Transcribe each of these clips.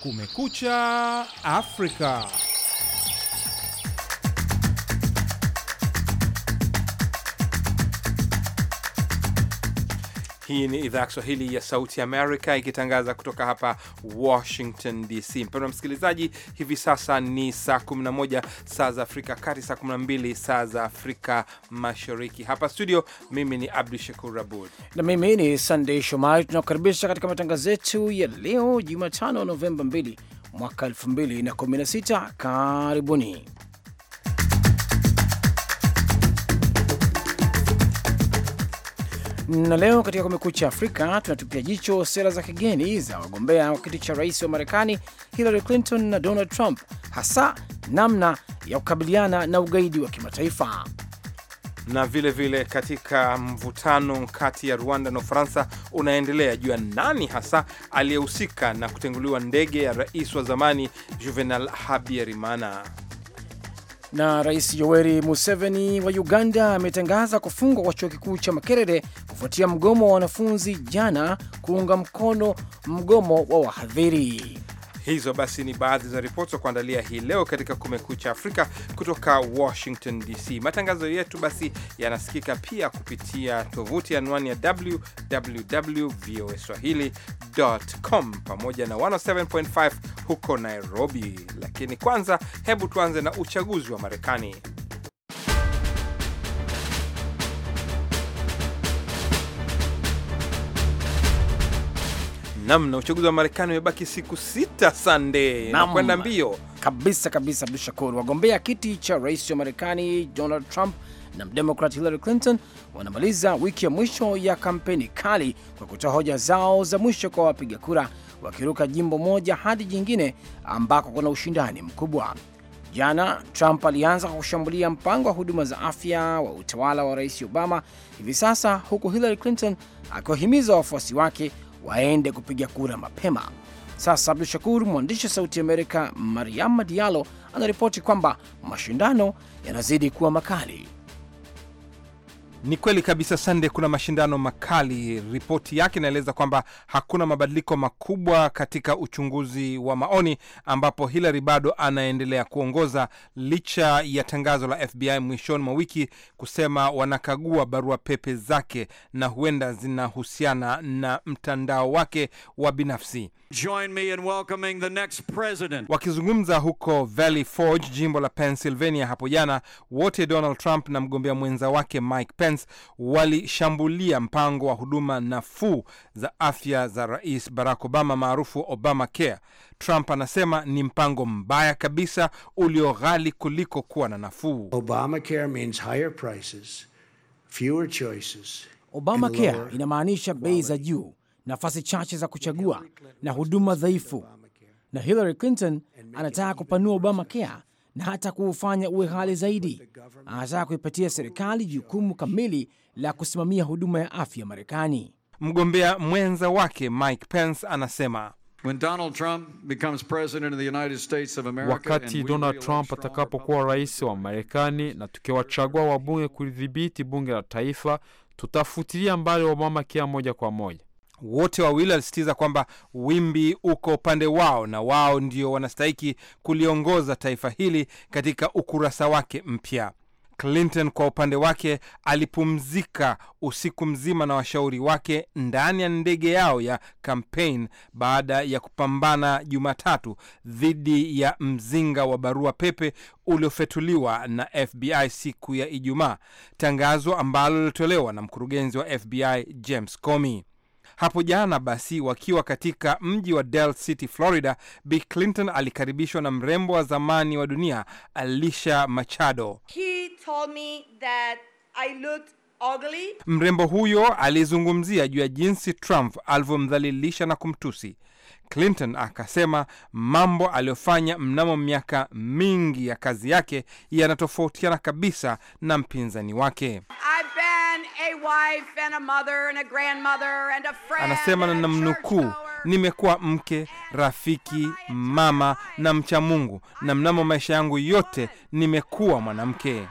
Kumekucha Afrika. Hii ni idhaa ya Kiswahili ya Sauti Amerika ikitangaza kutoka hapa Washington DC. Mpendwa msikilizaji, hivi sasa ni saa 11 saa za Afrika Kati, saa 12 saa za Afrika Mashariki. Hapa studio, mimi ni Abdu Shakur Abud na mimi ni Sandey Shomari. Tunakukaribisha katika matangazo yetu ya leo Jumatano, Novemba 2 mwaka 2016. Karibuni. Na leo katika Kumekucha Afrika tunatupia jicho sera za kigeni za wagombea wa kiti cha rais wa Marekani Hillary Clinton na Donald Trump, hasa namna ya kukabiliana na ugaidi wa kimataifa na vile vile katika mvutano kati ya Rwanda na no Ufaransa unaendelea juu ya nani hasa aliyehusika na kutenguliwa ndege ya rais wa zamani Juvenal Habyarimana. Na Rais Yoweri Museveni wa Uganda ametangaza kufungwa kwa chuo kikuu cha Makerere kufuatia mgomo wa wanafunzi jana kuunga mkono mgomo wa wahadhiri. Hizo basi ni baadhi za ripoti za kuandalia hii leo katika Kumekucha Afrika kutoka Washington DC. Matangazo yetu basi yanasikika pia kupitia tovuti anwani ya www voa swahili.com pamoja na 107.5 huko Nairobi. Lakini kwanza, hebu tuanze na uchaguzi wa Marekani. Namna uchaguzi wa Marekani umebaki siku sita, na nakwenda mbio kabisa kabisa. Abdu Shakur, wagombea kiti cha rais wa Marekani Donald Trump na mdemokrat Hillary Clinton wanamaliza wiki ya mwisho ya kampeni kali kwa kutoa hoja zao za mwisho kwa wapiga kura, wakiruka jimbo moja hadi jingine ambako kuna ushindani mkubwa. Jana Trump alianza kwa kushambulia mpango wa huduma za afya wa utawala wa rais Obama hivi sasa, huku Hillary Clinton akiwahimiza wafuasi wake waende kupiga kura mapema. Sasa Abdu Shakur, mwandishi wa Sauti Amerika Mariama Diallo anaripoti kwamba mashindano yanazidi kuwa makali ni kweli kabisa Sande, kuna mashindano makali. Ripoti yake inaeleza kwamba hakuna mabadiliko makubwa katika uchunguzi wa maoni, ambapo Hillary bado anaendelea kuongoza licha ya tangazo la FBI mwishoni mwa wiki kusema wanakagua barua pepe zake na huenda zinahusiana na mtandao wake wa binafsi. Join me in welcoming the next president. Wakizungumza huko Valley Forge, jimbo la Pennsylvania hapo jana, wote Donald Trump na mgombea mwenza wake Mike Pence walishambulia mpango wa huduma nafuu za afya za Rais Barack Obama maarufu Obamacare. Trump anasema ni mpango mbaya kabisa ulio ghali kuliko kuwa na nafuu. Obamacare means higher prices, fewer choices. Obamacare inamaanisha bei za juu nafasi chache za kuchagua na huduma dhaifu, na Hillary Clinton anataka kupanua Obamacare na hata kuufanya uwe ghali zaidi. Anataka kuipatia serikali jukumu kamili la kusimamia huduma ya afya Marekani. Mgombea mwenza wake Mike Pence anasema When Donald Trump becomes president of the United States of America, wakati Donald Trump atakapokuwa rais wa Marekani na tukiwachagua wabunge kulidhibiti bunge la taifa, tutafutilia mbali Obamacare moja kwa moja wote wawili walisitiza kwamba wimbi uko upande wao na wao ndio wanastahiki kuliongoza taifa hili katika ukurasa wake mpya. Clinton kwa upande wake alipumzika usiku mzima na washauri wake ndani ya ndege yao ya kampeni baada ya kupambana Jumatatu dhidi ya mzinga wa barua pepe uliofetuliwa na FBI siku ya Ijumaa, tangazo ambalo lilitolewa na mkurugenzi wa FBI James Comey. Hapo jana basi, wakiwa katika mji wa Del City, Florida, Bi Clinton alikaribishwa na mrembo wa zamani wa dunia Alicia Machado. He told me that I looked ugly. Mrembo huyo alizungumzia juu ya jinsi Trump alivyomdhalilisha na kumtusi. Clinton akasema mambo aliyofanya mnamo miaka mingi ya kazi yake yanatofautiana kabisa na mpinzani wake. Anasema na namnukuu, nimekuwa mke, rafiki, mama na mcha Mungu, na mnamo maisha yangu yote nimekuwa mwanamke.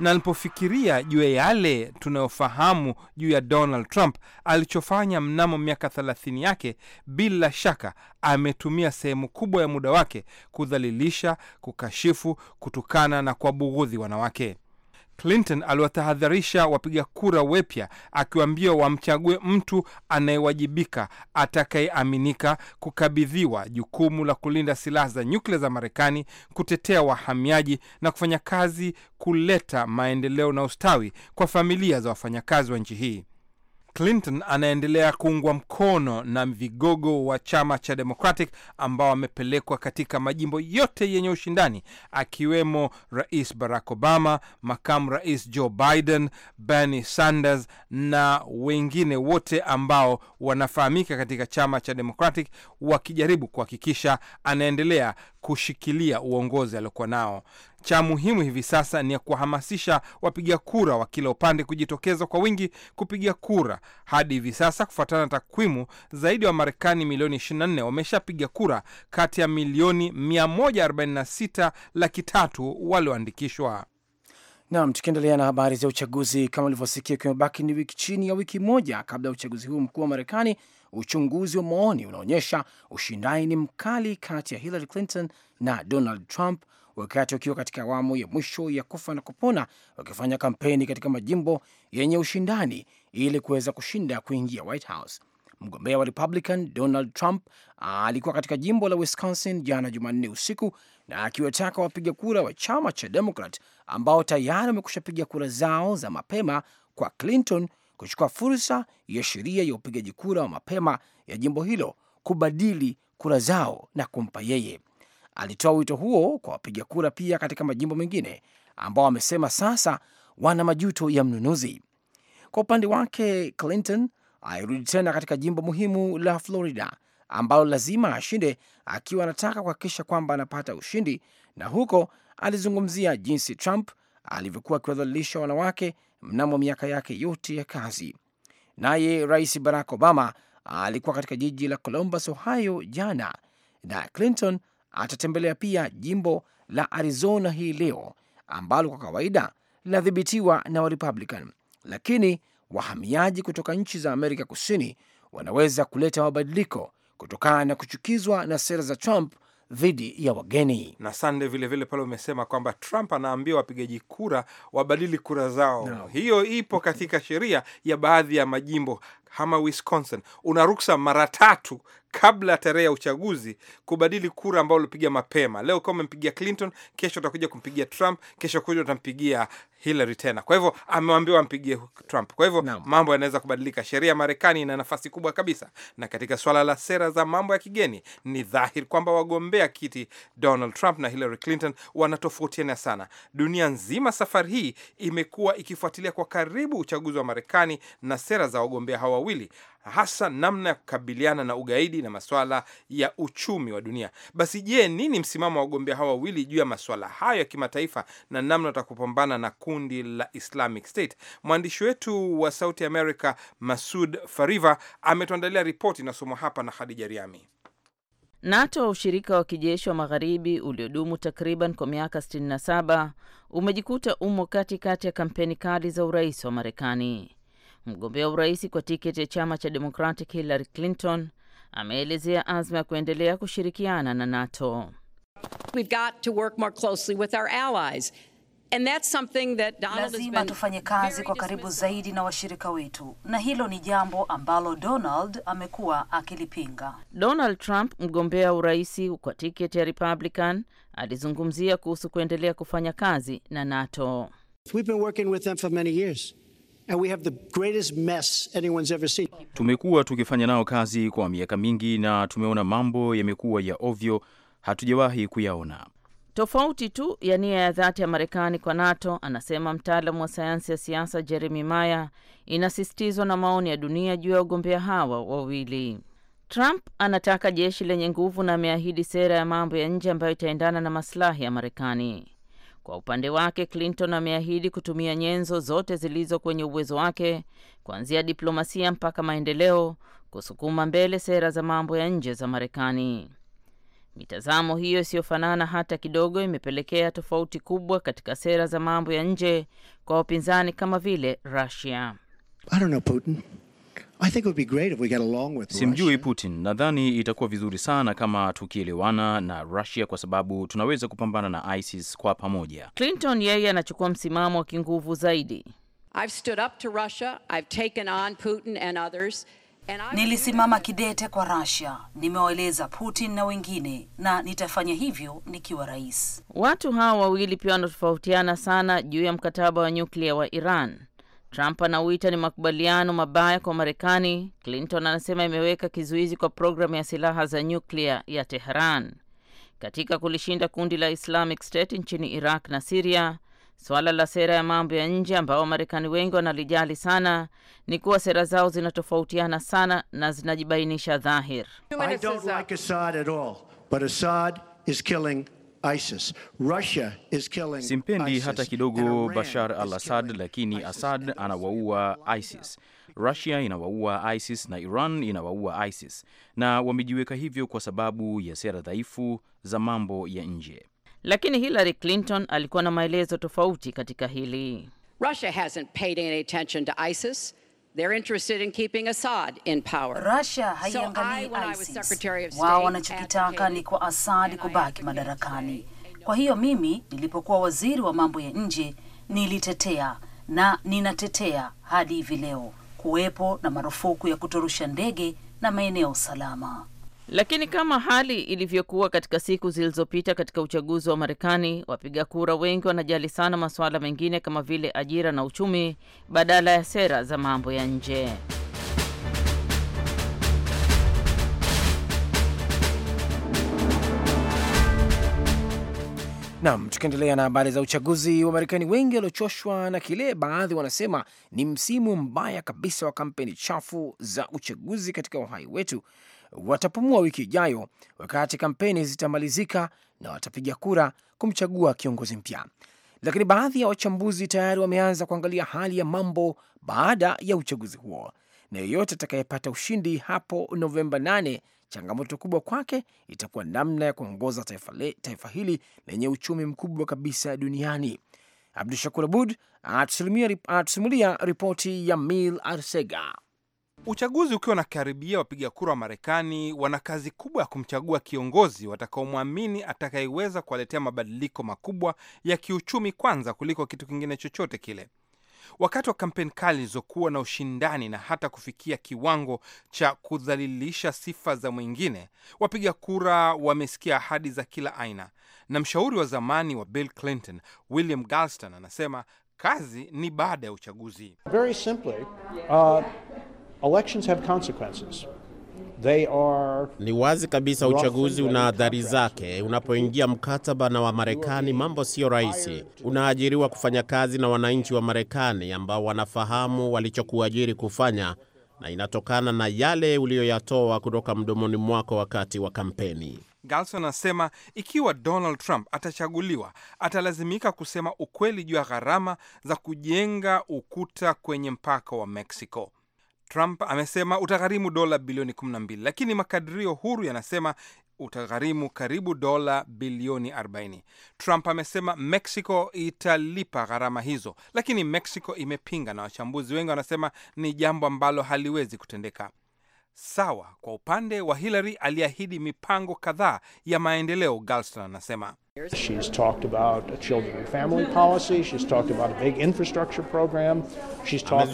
Na alipofikiria juu ya yale tunayofahamu juu ya Donald Trump alichofanya mnamo miaka thelathini yake, bila shaka ametumia sehemu kubwa ya muda wake kudhalilisha, kukashifu, kutukana na kuwabughudhi wanawake. Clinton aliwatahadharisha wapiga kura wepya akiwaambia wamchague mtu anayewajibika atakayeaminika kukabidhiwa jukumu la kulinda silaha za nyuklia za Marekani, kutetea wahamiaji na kufanya kazi kuleta maendeleo na ustawi kwa familia za wafanyakazi wa nchi hii. Clinton anaendelea kuungwa mkono na vigogo wa chama cha Democratic ambao wamepelekwa katika majimbo yote yenye ushindani akiwemo Rais Barack Obama, makamu rais Joe Biden, Bernie Sanders na wengine wote ambao wanafahamika katika chama cha Democratic wakijaribu kuhakikisha anaendelea kushikilia uongozi aliokuwa nao. Cha muhimu hivi sasa ni ya kuwahamasisha wapiga kura wa kila upande kujitokeza kwa wingi kupiga kura. Hadi hivi sasa, kufuatana na takwimu, zaidi ya wa Wamarekani milioni 24 wameshapiga kura kati ya milioni 146 laki tatu walioandikishwa. Nam, tukiendelea na habari za uchaguzi, kama ulivyosikia, kimebaki ni wiki chini ya wiki moja kabla ya uchaguzi huu mkuu wa Marekani, uchunguzi wa maoni unaonyesha ushindani ni mkali kati ya Hillary Clinton na Donald Trump wakati wakiwa katika awamu ya mwisho ya kufa na kupona, wakifanya kampeni katika majimbo yenye ushindani ili kuweza kushinda kuingia White House. Mgombea wa Republican Donald Trump ah, alikuwa katika jimbo la Wisconsin jana Jumanne usiku na akiwataka wapiga kura wa chama cha Demokrat ambao tayari wamekusha piga kura zao za mapema kwa Clinton kuchukua fursa ya sheria ya upigaji kura wa mapema ya jimbo hilo kubadili kura zao na kumpa yeye. Alitoa wito huo kwa wapiga kura pia katika majimbo mengine ambao wamesema sasa wana majuto ya mnunuzi. Kwa upande wake, Clinton alirudi tena katika jimbo muhimu la Florida ambalo lazima ashinde akiwa anataka kuhakikisha kwamba anapata ushindi, na huko alizungumzia jinsi Trump alivyokuwa akiwadhalilisha wanawake mnamo miaka yake yote ya kazi. Naye Rais Barack Obama alikuwa katika jiji la Columbus, Ohio jana na Clinton atatembelea pia jimbo la Arizona hii leo ambalo kwa kawaida linadhibitiwa na Warepublican, lakini wahamiaji kutoka nchi za Amerika Kusini wanaweza kuleta mabadiliko kutokana na kuchukizwa na sera za Trump dhidi ya wageni. Na sande vilevile pale umesema kwamba Trump anaambia wapigaji kura wabadili kura zao no. Hiyo ipo katika sheria ya baadhi ya majimbo kama Wisconsin, una ruksa mara tatu kabla ya tarehe ya uchaguzi kubadili kura ambao ulipiga mapema. Leo kama umempigia Clinton, kesho utakuja kumpigia Trump, kesho kuja utampigia Hillary tena. Kwa hivyo amewambiwa ampigie Trump. Kwa hivyo no. mambo yanaweza kubadilika. Sheria ya Marekani ina nafasi kubwa kabisa, na katika swala la sera za mambo ya kigeni ni dhahiri kwamba wagombea kiti Donald Trump na Hillary Clinton wanatofautiana sana. Dunia nzima safari hii imekuwa ikifuatilia kwa karibu uchaguzi wa Marekani na sera za wagombea hawa wawili hasa namna ya kukabiliana na ugaidi na maswala ya uchumi wa dunia. Basi je, nini msimamo wa wagombea hawa wawili juu ya maswala hayo ya kimataifa na namna watakupambana na kundi la Islamic State? Mwandishi wetu wa Sauti America Masud Fariva ametuandalia ripoti inasomwa hapa na Hadija Riami. NATO, ushirika wa kijeshi wa magharibi uliodumu takriban kwa miaka 67, umejikuta umo katikati ya kampeni kali za urais wa Marekani. Mgombea urais kwa tiketi ya chama cha Democratic Hillary Clinton ameelezea azma ya kuendelea kushirikiana na NATO. Lazima tufanye kazi kwa karibu zaidi na washirika wetu, na hilo ni jambo ambalo Donald amekuwa akilipinga. Donald Trump, mgombea urais kwa tiketi ya Republican, alizungumzia kuhusu kuendelea kufanya kazi na NATO. We've been working with them for many years. And we have the greatest mess anyone's ever seen. Tumekuwa tukifanya nao kazi kwa miaka mingi na tumeona mambo yamekuwa ya ovyo hatujawahi kuyaona. Tofauti tu ya nia ya dhati ya Marekani kwa NATO, anasema mtaalamu wa sayansi ya siasa Jeremy Maya, inasisitizwa na maoni ya dunia juu ya wagombea hawa wawili. Trump anataka jeshi lenye nguvu na ameahidi sera ya mambo ya nje ambayo itaendana na maslahi ya Marekani. Kwa upande wake, Clinton ameahidi kutumia nyenzo zote zilizo kwenye uwezo wake, kuanzia diplomasia mpaka maendeleo, kusukuma mbele sera za mambo ya nje za Marekani. Mitazamo hiyo isiyofanana hata kidogo imepelekea tofauti kubwa katika sera za mambo ya nje kwa wapinzani kama vile Russia. I don't know, Putin. Simjui Putin, nadhani itakuwa vizuri sana kama tukielewana na rusia kwa sababu tunaweza kupambana na ISIS kwa pamoja. Clinton yeye anachukua msimamo wa kinguvu zaidi. I've stood up to Russia. I've taken on Putin and others. Nilisimama kidete kwa rusia nimewaeleza Putin na wengine, na nitafanya hivyo nikiwa rais. Watu hawa wawili pia wanatofautiana sana juu ya mkataba wa nyuklia wa Iran. Trump anauita ni makubaliano mabaya kwa Marekani. Clinton anasema imeweka kizuizi kwa programu ya silaha za nyuklia ya Teheran. Katika kulishinda kundi la Islamic State nchini Iraq na Siria, suala la sera ya mambo ya nje ambao Wamarekani wengi wanalijali sana ni kuwa sera zao zinatofautiana sana na zinajibainisha dhahir. I don't like Assad at all, but Assad is killing ISIS. Russia is killing simpendi ISIS. hata kidogo Bashar al-Assad, lakini Assad anawaua ISIS. Russia inawaua ISIS na Iran inawaua ISIS, na wamejiweka hivyo kwa sababu ya sera dhaifu za mambo ya nje. Lakini Hillary Clinton alikuwa na maelezo tofauti katika hili. Russia hasn't paid any attention to ISIS. They're interested in keeping Assad in power. Russia haiangalii so ISIS. Wao wanachokitaka ni kwa Assad kubaki madarakani. Kwa hiyo mimi nilipokuwa waziri wa mambo ya nje nilitetea na ninatetea hadi hivi leo kuwepo na marufuku ya kutorusha ndege na maeneo salama. Lakini kama hali ilivyokuwa katika siku zilizopita katika uchaguzi wa Marekani, wapiga kura wengi wanajali sana masuala mengine kama vile ajira na uchumi badala ya sera za mambo ya nje. Nam, tukiendelea na habari za uchaguzi wa Marekani, wengi waliochoshwa na kile baadhi wanasema ni msimu mbaya kabisa wa kampeni chafu za uchaguzi katika uhai wetu watapumua wiki ijayo, wakati kampeni zitamalizika na watapiga kura kumchagua kiongozi mpya. Lakini baadhi ya wachambuzi tayari wameanza kuangalia hali ya mambo baada ya uchaguzi huo, na yeyote atakayepata ushindi hapo Novemba 8, changamoto kubwa kwake itakuwa namna ya kuongoza taifa, taifa hili lenye uchumi mkubwa kabisa duniani. Abdu Shakur Abud anatusimulia ripoti ya Mil Arsega. Uchaguzi ukiwa unakaribia, wapiga kura wa Marekani wana kazi kubwa ya kumchagua kiongozi watakaomwamini atakayeweza kuwaletea mabadiliko makubwa ya kiuchumi kwanza kuliko kitu kingine chochote kile. Wakati wa kampeni kali zilizokuwa na ushindani na hata kufikia kiwango cha kudhalilisha sifa za mwingine, wapiga kura wamesikia ahadi za kila aina, na mshauri wa zamani wa Bill Clinton William Galston anasema kazi ni baada ya uchaguzi. Very simply, uh, Elections have consequences. They are... Ni wazi kabisa uchaguzi una adhari zake. Unapoingia mkataba na Wamarekani, mambo sio rahisi. Unaajiriwa kufanya kazi na wananchi wa Marekani ambao wanafahamu walichokuajiri kufanya, na inatokana na yale uliyoyatoa kutoka mdomoni mwako wakati wa kampeni. Galson anasema ikiwa Donald Trump atachaguliwa, atalazimika kusema ukweli juu ya gharama za kujenga ukuta kwenye mpaka wa Mexico. Trump amesema utagharimu dola bilioni 12, lakini makadirio huru yanasema utagharimu karibu dola bilioni 40. Trump amesema Mexico italipa gharama hizo, lakini Mexico imepinga na wachambuzi wengi wanasema ni jambo ambalo haliwezi kutendeka sawa. Kwa upande wa Hillary, aliahidi mipango kadhaa ya maendeleo. Galston anasema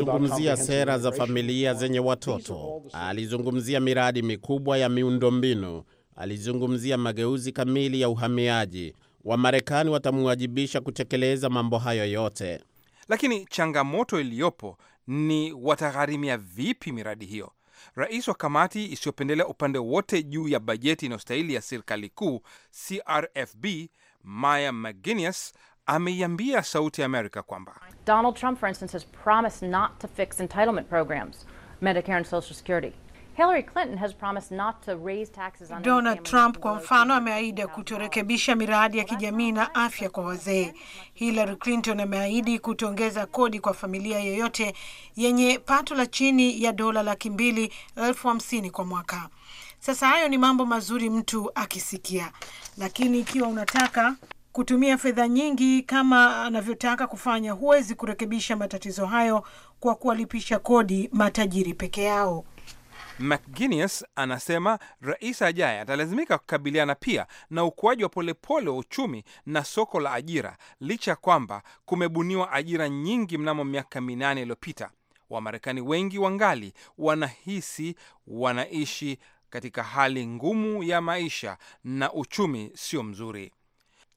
amezungumzia sera za familia zenye watoto, alizungumzia miradi mikubwa ya miundombinu, alizungumzia mageuzi kamili ya uhamiaji. Wamarekani watamwajibisha kutekeleza mambo hayo yote, lakini changamoto iliyopo ni watagharimia vipi miradi hiyo? Rais wa kamati isiyopendelea upande wote juu ya bajeti inayostahili ya serikali kuu CRFB, Maya McGuinness ameiambia Sauti ya Amerika kwamba Donald Trump for instance has promised not to fix entitlement programs Medicare and Social Security Donald Trump kwa mfano ameahidi kutorekebisha miradi ya kijamii na afya kwa wazee. Hillary Clinton ameahidi kutoongeza kodi kwa familia yoyote yenye pato la chini ya dola laki mbili elfu hamsini kwa mwaka. Sasa hayo ni mambo mazuri mtu akisikia, lakini ikiwa unataka kutumia fedha nyingi kama anavyotaka kufanya, huwezi kurekebisha matatizo hayo kwa kuwalipisha kodi matajiri peke yao. McGuinness anasema rais ajaye atalazimika kukabiliana pia na ukuaji wa polepole wa uchumi na soko la ajira, licha ya kwamba kumebuniwa ajira nyingi mnamo miaka minane iliyopita. Wamarekani wengi wangali wanahisi wanaishi katika hali ngumu ya maisha na uchumi sio mzuri.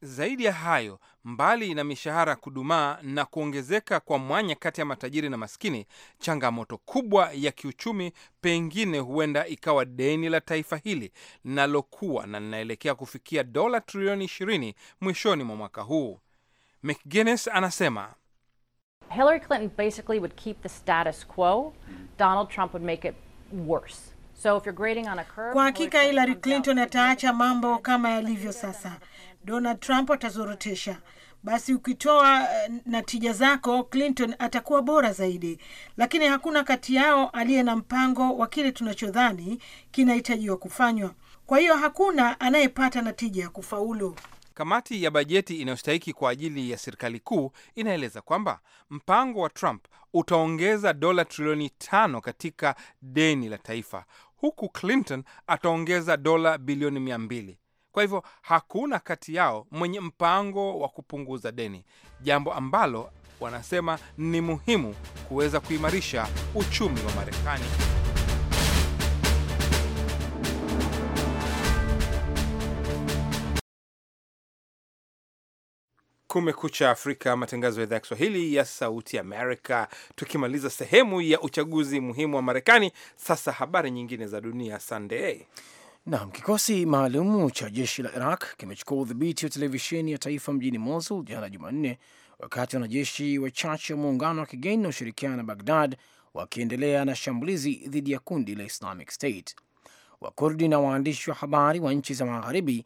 Zaidi ya hayo, mbali na mishahara kudumaa na kuongezeka kwa mwanya kati ya matajiri na maskini, changamoto kubwa ya kiuchumi pengine huenda ikawa deni la taifa hili linalokuwa na linaelekea kufikia dola trilioni 20 mwishoni mwa mwaka huu. McGuinness anasema Hillary Clinton basically would keep the status quo. Donald Trump would make it worse. So if you're grading on a curve, kwa hakika Hillary Clinton ataacha mambo kama yalivyo sasa Donald Trump atazorotesha. Basi ukitoa eh, na tija zako, Clinton atakuwa bora zaidi, lakini hakuna kati yao aliye na mpango wa kile tunachodhani kinahitajiwa kufanywa. Kwa hiyo hakuna anayepata na tija ya kufaulu. Kamati ya bajeti inayostahiki kwa ajili ya serikali kuu inaeleza kwamba mpango wa Trump utaongeza dola trilioni tano katika deni la taifa, huku Clinton ataongeza dola bilioni mia mbili. Kwa hivyo hakuna kati yao mwenye mpango wa kupunguza deni, jambo ambalo wanasema ni muhimu kuweza kuimarisha uchumi wa Marekani. Kumekucha Afrika, matangazo ya idhaa ya Kiswahili ya Sauti Amerika. Tukimaliza sehemu ya uchaguzi muhimu wa Marekani, sasa habari nyingine za dunia. Sandey, Naam, kikosi maalumu cha jeshi la Iraq kimechukua udhibiti wa televisheni ya taifa mjini Mosul jana Jumanne, wakati wanajeshi wachache wa muungano wa kigeni na na Bagdad wakiendelea na shambulizi dhidi ya kundi la Islamic State. Wakurdi na waandishi wa habari wa nchi za magharibi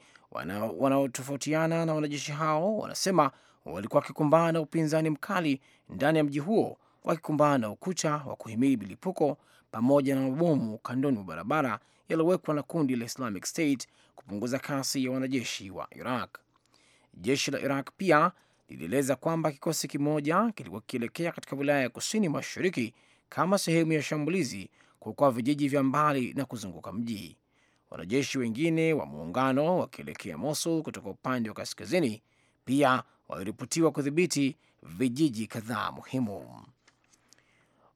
wanaotofautiana wana na wanajeshi hao wanasema walikuwa wakikumbana na upinzani mkali ndani ya mji huo, wakikumbana na ukuta wa kuhimili milipuko pamoja na mabomu kandoni mwa barabara yaliyowekwa na kundi la Islamic State kupunguza kasi ya wanajeshi wa Iraq. Jeshi la Iraq pia lilieleza kwamba kikosi kimoja kilikuwa kikielekea katika wilaya ya kusini mashariki kama sehemu ya shambulizi kuokoa vijiji vya mbali na kuzunguka mji. Wanajeshi wengine wa muungano wakielekea Mosul kutoka upande wa kaskazini pia waliripotiwa kudhibiti vijiji kadhaa muhimu.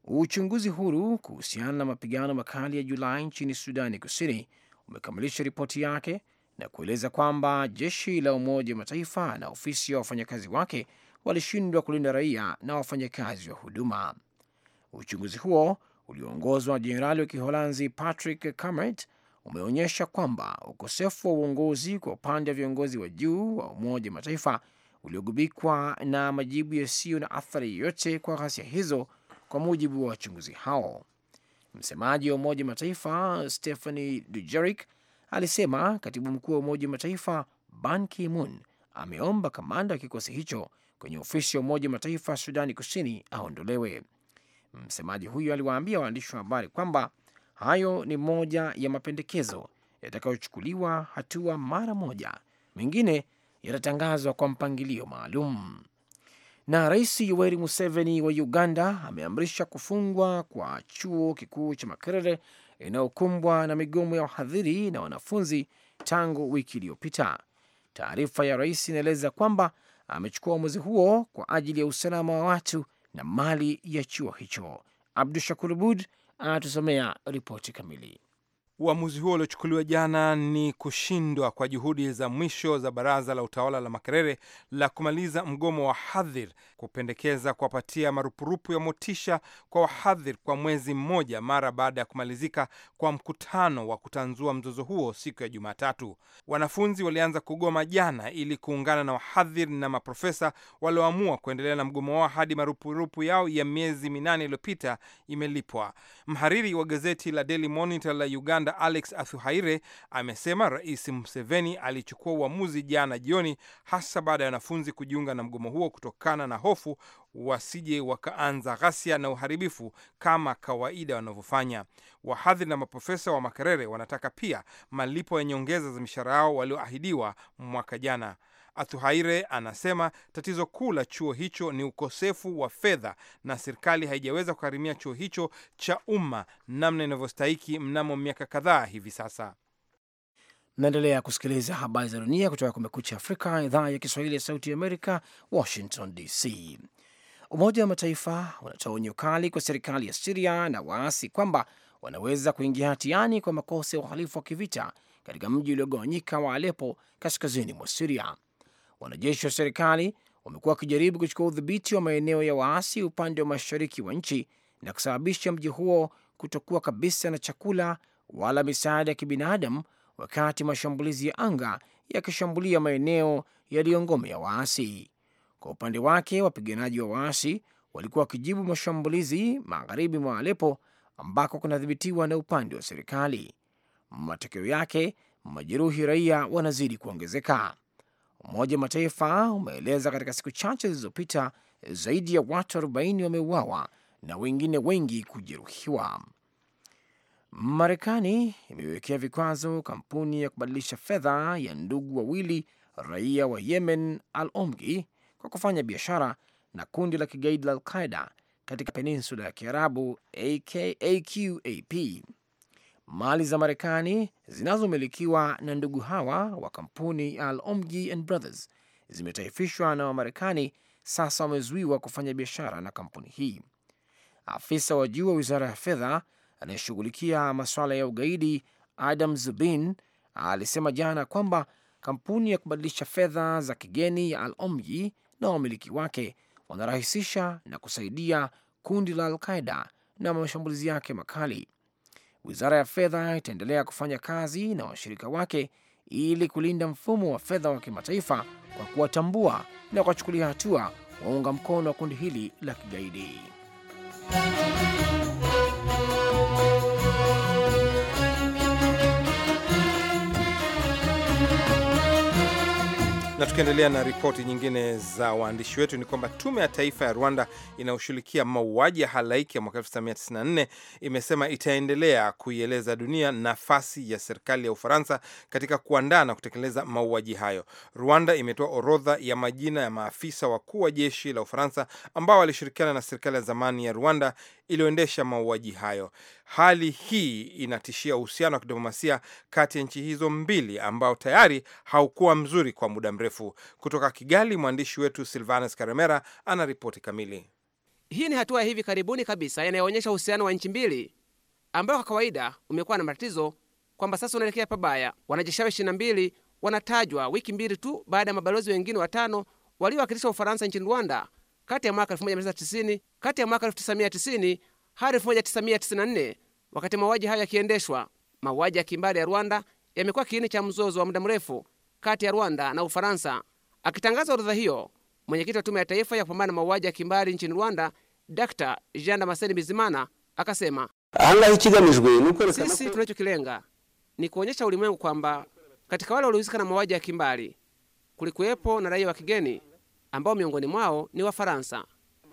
Uchunguzi huru kuhusiana na mapigano makali ya Julai nchini Sudani Kusini umekamilisha ripoti yake na kueleza kwamba jeshi la Umoja wa Mataifa na ofisi ya wafanyakazi wake walishindwa kulinda raia na wafanyakazi wa huduma. Uchunguzi huo ulioongozwa na jenerali wa Kiholanzi Patrick Cammaert umeonyesha kwamba ukosefu wa uongozi kwa upande wa viongozi wa juu wa Umoja wa Mataifa uliogubikwa na majibu yasiyo na athari yoyote kwa ghasia hizo kwa mujibu wa wachunguzi hao. Msemaji wa Umoja Mataifa stephani dujerik alisema katibu mkuu wa Umoja Mataifa Ban ki ameomba kamanda wa kikosi hicho kwenye ofisi ya Umoja Mataifa Sudani Kusini aondolewe. Msemaji huyo aliwaambia waandishi wa habari kwamba hayo ni moja ya mapendekezo yatakayochukuliwa hatua mara moja, mengine yatatangazwa kwa mpangilio maalum. Na Rais Yoweri Museveni wa Uganda ameamrisha kufungwa kwa chuo kikuu cha Makerere inayokumbwa na migomo ya wahadhiri na wanafunzi tangu wiki iliyopita. Taarifa ya rais inaeleza kwamba amechukua uamuzi huo kwa ajili ya usalama wa watu na mali ya chuo hicho. Abdu Shakur Abud anatusomea ripoti kamili. Uamuzi huo uliochukuliwa jana ni kushindwa kwa juhudi za mwisho za baraza la utawala la Makerere la kumaliza mgomo wa hadhir, kupendekeza kuwapatia marupurupu ya motisha kwa wahadhir kwa mwezi mmoja mara baada ya kumalizika kwa mkutano wa kutanzua mzozo huo siku ya Jumatatu. Wanafunzi walianza kugoma jana ili kuungana na wahadhir na maprofesa walioamua kuendelea na mgomo wao hadi marupurupu yao ya miezi minane iliyopita imelipwa. Mhariri wa gazeti la Daily Monitor la Uganda Uganda Alex Athuhaire amesema Rais Museveni alichukua uamuzi jana jioni, hasa baada ya wanafunzi kujiunga na mgomo huo kutokana na hofu wasije wakaanza ghasia na uharibifu kama kawaida wanavyofanya. Wahadhiri na maprofesa wa Makerere wanataka pia malipo ya nyongeza za mishahara yao walioahidiwa mwaka jana. Athuhaire anasema tatizo kuu la chuo hicho ni ukosefu wa fedha na serikali haijaweza kugharimia chuo hicho cha umma namna inavyostahiki mnamo miaka kadhaa hivi sasa. Naendelea kusikiliza habari za dunia kutoka Kumekucha Afrika, idhaa ya Kiswahili ya Sauti ya Amerika, Washington DC. Umoja wa Mataifa unatoa onyo kali kwa serikali ya Siria na waasi kwamba wanaweza kuingia hatiani kwa makosa ya uhalifu wa kivita katika mji uliogawanyika wa Alepo kaskazini mwa Siria. Wanajeshi wa serikali wamekuwa wakijaribu kuchukua udhibiti wa maeneo ya waasi upande wa mashariki wa nchi na kusababisha mji huo kutokuwa kabisa na chakula wala misaada ya kibinadamu, wakati mashambulizi ya anga yakishambulia maeneo yaliyo ngome ya waasi. Kwa upande wake, wapiganaji wa waasi walikuwa wakijibu mashambulizi magharibi mwa Alepo ambako kunadhibitiwa na upande wa serikali. Matokeo yake majeruhi raia wanazidi kuongezeka. Umoja wa Mataifa umeeleza katika siku chache zilizopita zaidi ya watu 40 wameuawa na wengine wengi kujeruhiwa. Marekani imewekea vikwazo kampuni ya kubadilisha fedha ya ndugu wawili raia wa Yemen, Al Omgi, kwa kufanya biashara na kundi la kigaidi la Al Qaida katika peninsula ya Kiarabu, AQAP mali za Marekani zinazomilikiwa na ndugu hawa wa kampuni ya Al and Brothers zimetaifishwa na Wamarekani sasa wamezuiwa kufanya biashara na kampuni hii. Afisa wa juu wa wizara ya fedha anayeshughulikia masuala ya ugaidi Adam Zubin alisema jana kwamba kampuni ya kubadilisha fedha za kigeni ya Al omji na wamiliki wake wanarahisisha na kusaidia kundi la Alqaida na mashambulizi yake makali Wizara ya fedha itaendelea kufanya kazi na washirika wake ili kulinda mfumo wa fedha wa kimataifa kwa kuwatambua na kuwachukulia hatua waunga mkono wa kundi hili la kigaidi. Na tukiendelea na ripoti nyingine za waandishi wetu ni kwamba tume ya taifa ya Rwanda inayoshughulikia mauaji ya halaiki ya mwaka 1994 imesema itaendelea kuieleza dunia nafasi ya serikali ya Ufaransa katika kuandaa na kutekeleza mauaji hayo. Rwanda imetoa orodha ya majina ya maafisa wakuu wa jeshi la Ufaransa ambao walishirikiana na serikali ya zamani ya Rwanda iliyoendesha mauaji hayo. Hali hii inatishia uhusiano wa kidiplomasia kati ya nchi hizo mbili ambao tayari haukuwa mzuri kwa muda mrefu. Kutoka Kigali, mwandishi wetu Silvanus Karemera ana ripoti kamili. Hii ni hatua ya hivi karibuni kabisa inayoonyesha uhusiano wa nchi mbili ambayo kwa kawaida umekuwa na matatizo kwamba sasa unaelekea pabaya. Wanajeshi hao ishirini na mbili wanatajwa wiki mbili tu baada ya mabalozi wengine watano waliowakilisha Ufaransa nchini Rwanda kati ya mwaka 1990 kati ya mwaka 1990 hadi 1994 wakati mauaji hayo yakiendeshwa. Mauaji ya kimbari ya Rwanda yamekuwa kiini cha mzozo wa muda mrefu kati ya Rwanda na Ufaransa. Akitangaza orodha hiyo, mwenyekiti wa tume ya taifa ya kupambana na mauaji ya kimbari nchini Rwanda, Dr Jean Damascene Bizimana akasema, sisi tunachokilenga ni kuonyesha ulimwengu kwamba katika wale waliohusika na mauaji ya kimbari kulikuwepo na raia wa kigeni ambao miongoni mwao ni Wafaransa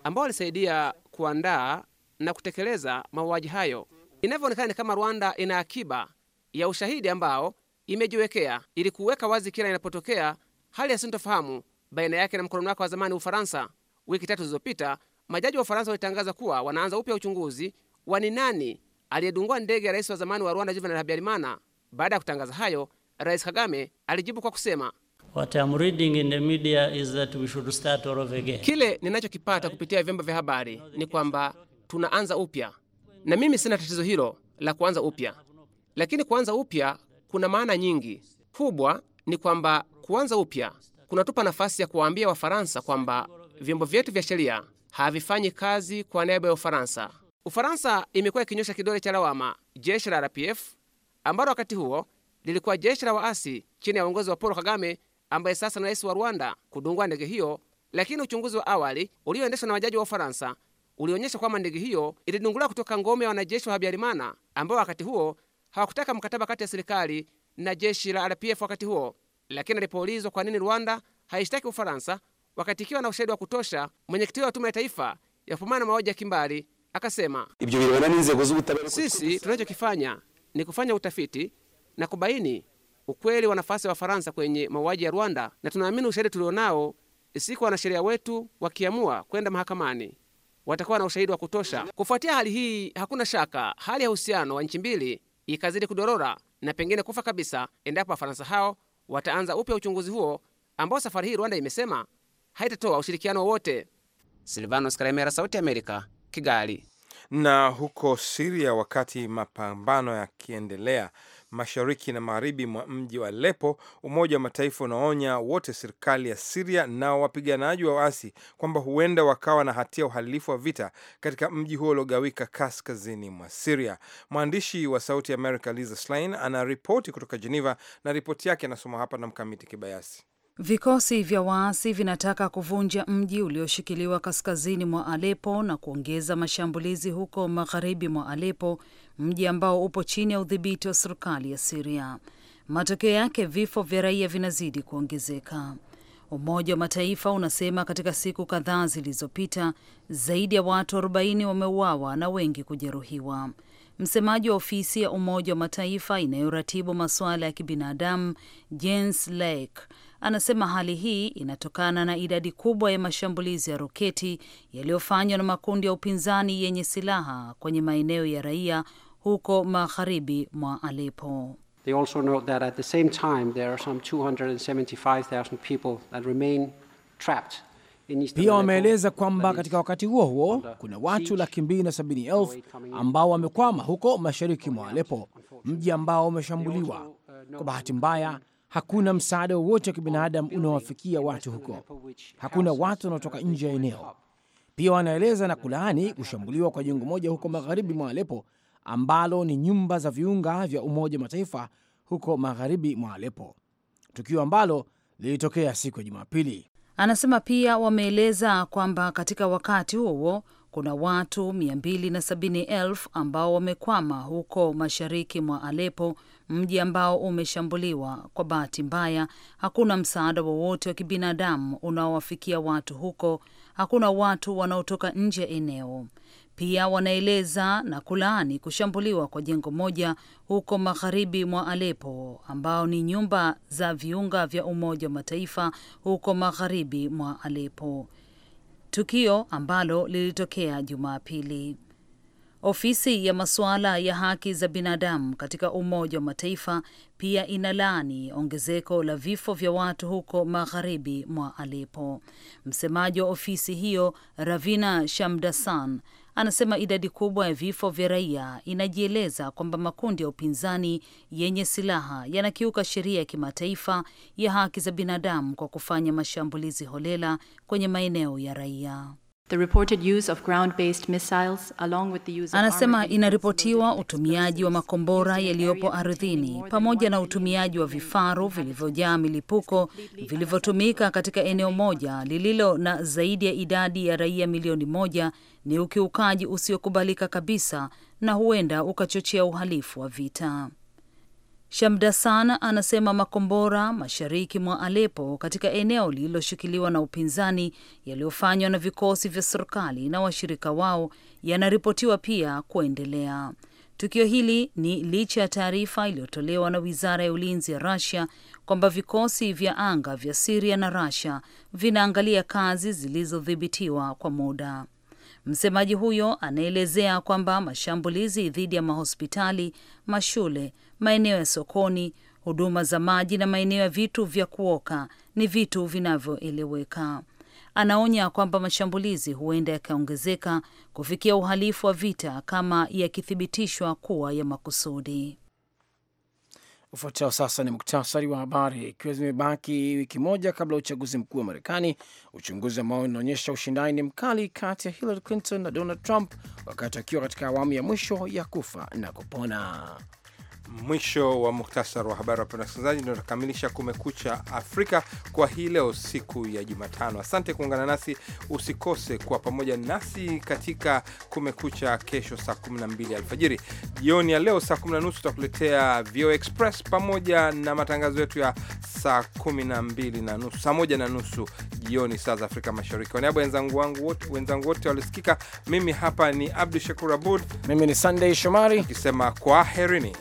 ambao walisaidia kuandaa na kutekeleza mauaji hayo. Inavyoonekana ni kama Rwanda ina akiba ya ushahidi ambao imejiwekea ili kuweka wazi kila inapotokea hali ya sintofahamu baina yake na mkoloni wake wa zamani Ufaransa. Wiki tatu zilizopita, majaji wa Ufaransa walitangaza kuwa wanaanza upya uchunguzi wa ni nani aliyedungua ndege ya rais wa zamani wa Rwanda Juvenal Habyarimana. Baada ya kutangaza hayo, Rais Kagame alijibu kwa kusema What I'm reading in the media is that we should start all over again. Kile ninachokipata kupitia vyombo vya habari ni kwamba tunaanza upya, na mimi sina tatizo hilo la kuanza upya, lakini kuanza upya kuna maana nyingi. Kubwa ni kwamba kuanza upya kunatupa nafasi ya kuwaambia Wafaransa kwamba vyombo vyetu vya sheria havifanyi kazi kwa niaba ya Ufaransa. Ufaransa imekuwa ikinyosha kidole cha lawama jeshi la RPF ambalo wakati huo lilikuwa jeshi la waasi chini ya uongozi wa Paul Kagame ambaye sasa ni rais wa Rwanda kudungua ndege hiyo, lakini uchunguzi wa awali ulioendeshwa na majaji wa Ufaransa ulionyesha kwamba ndege hiyo ilidunguliwa kutoka ngome ya wanajeshi wa Habyarimana ambao wakati huo hawakutaka mkataba kati ya serikali na jeshi la RPF wakati huo. Lakini alipoulizwa kwa nini Rwanda haishtaki Ufaransa wakati ikiwa na ushahidi wa kutosha, mwenyekiti wa tume ya taifa ya kupambana na mauaji ya kimbari akasema, sisi tunachokifanya ni kufanya utafiti na kubaini ukweli wa nafasi ya Wafaransa kwenye mauaji ya Rwanda, na tunaamini ushahidi tulionao, siku wanasheria wetu wakiamua kwenda mahakamani watakuwa na ushahidi wa kutosha. Kufuatia hali hii, hakuna shaka hali ya uhusiano wa nchi mbili ikazidi kudorora na pengine kufa kabisa, endapo Wafaransa hao wataanza upya uchunguzi huo ambao safari hii Rwanda imesema haitatoa ushirikiano wowote. Silvanos Karemera, Sauti Amerika, Kigali. Na huko Siria, wakati mapambano yakiendelea mashariki na magharibi mwa mji wa Aleppo, Umoja wa Mataifa unaonya wote serikali ya Siria na wapiganaji wa waasi kwamba huenda wakawa na hatia uhalifu wa vita katika mji huo uliogawika kaskazini mwa Siria. Mwandishi wa Sauti ya America Lisa Schlein anaripoti kutoka Geneva na ripoti yake anasoma hapa na Mkamiti Kibayasi. Vikosi vya waasi vinataka kuvunja mji ulioshikiliwa kaskazini mwa Alepo na kuongeza mashambulizi huko magharibi mwa Alepo mji ambao upo chini ya udhibiti wa serikali ya Siria. Matokeo yake vifo vya raia vinazidi kuongezeka. Umoja wa Mataifa unasema katika siku kadhaa zilizopita zaidi ya watu 40 wameuawa na wengi kujeruhiwa. Msemaji wa ofisi ya Umoja wa Mataifa inayoratibu masuala ya kibinadamu Jens Lake anasema hali hii inatokana na idadi kubwa ya mashambulizi ya roketi yaliyofanywa na makundi ya upinzani yenye silaha kwenye maeneo ya raia huko magharibi mwa Aleppo. They also note that at the same time there are some 275,000 people that remain trapped pia wameeleza kwamba katika wakati huo huo kuna watu laki mbili na sabini elfu ambao wamekwama huko mashariki mwa Alepo, mji ambao umeshambuliwa. Uh, kwa bahati mbaya, hakuna msaada wowote wa kibinadamu unaowafikia watu huko, hakuna watu wanaotoka nje ya eneo. Pia wanaeleza na kulaani kushambuliwa kwa jengo moja huko magharibi mwa Alepo ambalo ni nyumba za viunga vya Umoja wa Mataifa huko magharibi mwa Alepo, tukio ambalo lilitokea siku ya Jumapili. Anasema pia wameeleza kwamba katika wakati huo kuna watu 270,000 ambao wamekwama huko mashariki mwa Alepo, mji ambao umeshambuliwa kwa bahati mbaya. Hakuna msaada wowote wa kibinadamu unaowafikia watu huko. Hakuna watu wanaotoka nje ya eneo. Pia wanaeleza na kulaani kushambuliwa kwa jengo moja huko magharibi mwa Alepo, ambao ni nyumba za viunga vya Umoja wa Mataifa huko magharibi mwa Alepo, tukio ambalo lilitokea Jumapili. Ofisi ya masuala ya haki za binadamu katika Umoja wa Mataifa pia inalaani ongezeko la vifo vya watu huko magharibi mwa Alepo. Msemaji wa ofisi hiyo Ravina Shamdasan anasema idadi kubwa ya vifo vya raia inajieleza kwamba makundi ya upinzani yenye silaha yanakiuka sheria ya kimataifa ya haki za binadamu kwa kufanya mashambulizi holela kwenye maeneo ya raia. Anasema inaripotiwa utumiaji wa makombora yaliyopo ardhini pamoja na utumiaji wa vifaru vilivyojaa milipuko vilivyotumika katika eneo moja lililo na zaidi ya idadi ya raia milioni moja ni ukiukaji usiokubalika kabisa na huenda ukachochea uhalifu wa vita. Shamdasan anasema makombora mashariki mwa Alepo katika eneo lililoshikiliwa na upinzani yaliyofanywa na vikosi vya serikali na washirika wao yanaripotiwa pia kuendelea. Tukio hili ni licha ya taarifa iliyotolewa na wizara ya ulinzi ya rasia kwamba vikosi vya anga vya Siria na rasia vinaangalia kazi zilizodhibitiwa kwa muda. Msemaji huyo anaelezea kwamba mashambulizi dhidi ya mahospitali, mashule maeneo ya sokoni, huduma za maji na maeneo ya vitu vya kuoka ni vitu vinavyoeleweka. Anaonya kwamba mashambulizi huenda yakaongezeka kufikia uhalifu wa vita kama yakithibitishwa kuwa ya makusudi. Ufuatao sasa ni muktasari wa habari. Ikiwa zimebaki wiki moja kabla ya uchaguzi mkuu wa Marekani, uchunguzi ambao unaonyesha ushindani ni mkali kati ya Hillary Clinton na Donald Trump wakati akiwa katika awamu ya mwisho ya kufa na kupona. Mwisho wa muktasari wa habari. Wapenda wasikilizaji, ndio tunakamilisha Kumekucha Afrika kwa hii leo, siku ya Jumatano. Asante kuungana nasi, usikose kuwa pamoja nasi katika Kumekucha kesho saa 12 alfajiri. Jioni ya leo saa 10 na nusu tutakuletea VOA Express pamoja na matangazo yetu ya saa 12 na nusu, saa moja na nusu jioni saa za Afrika Mashariki. Kwa niaba wenzangu wangu wote wenzangu wote waliosikika, mimi hapa ni Abdu Shakur Abud, mimi ni Sunday Shomari, tukisema kwaherini.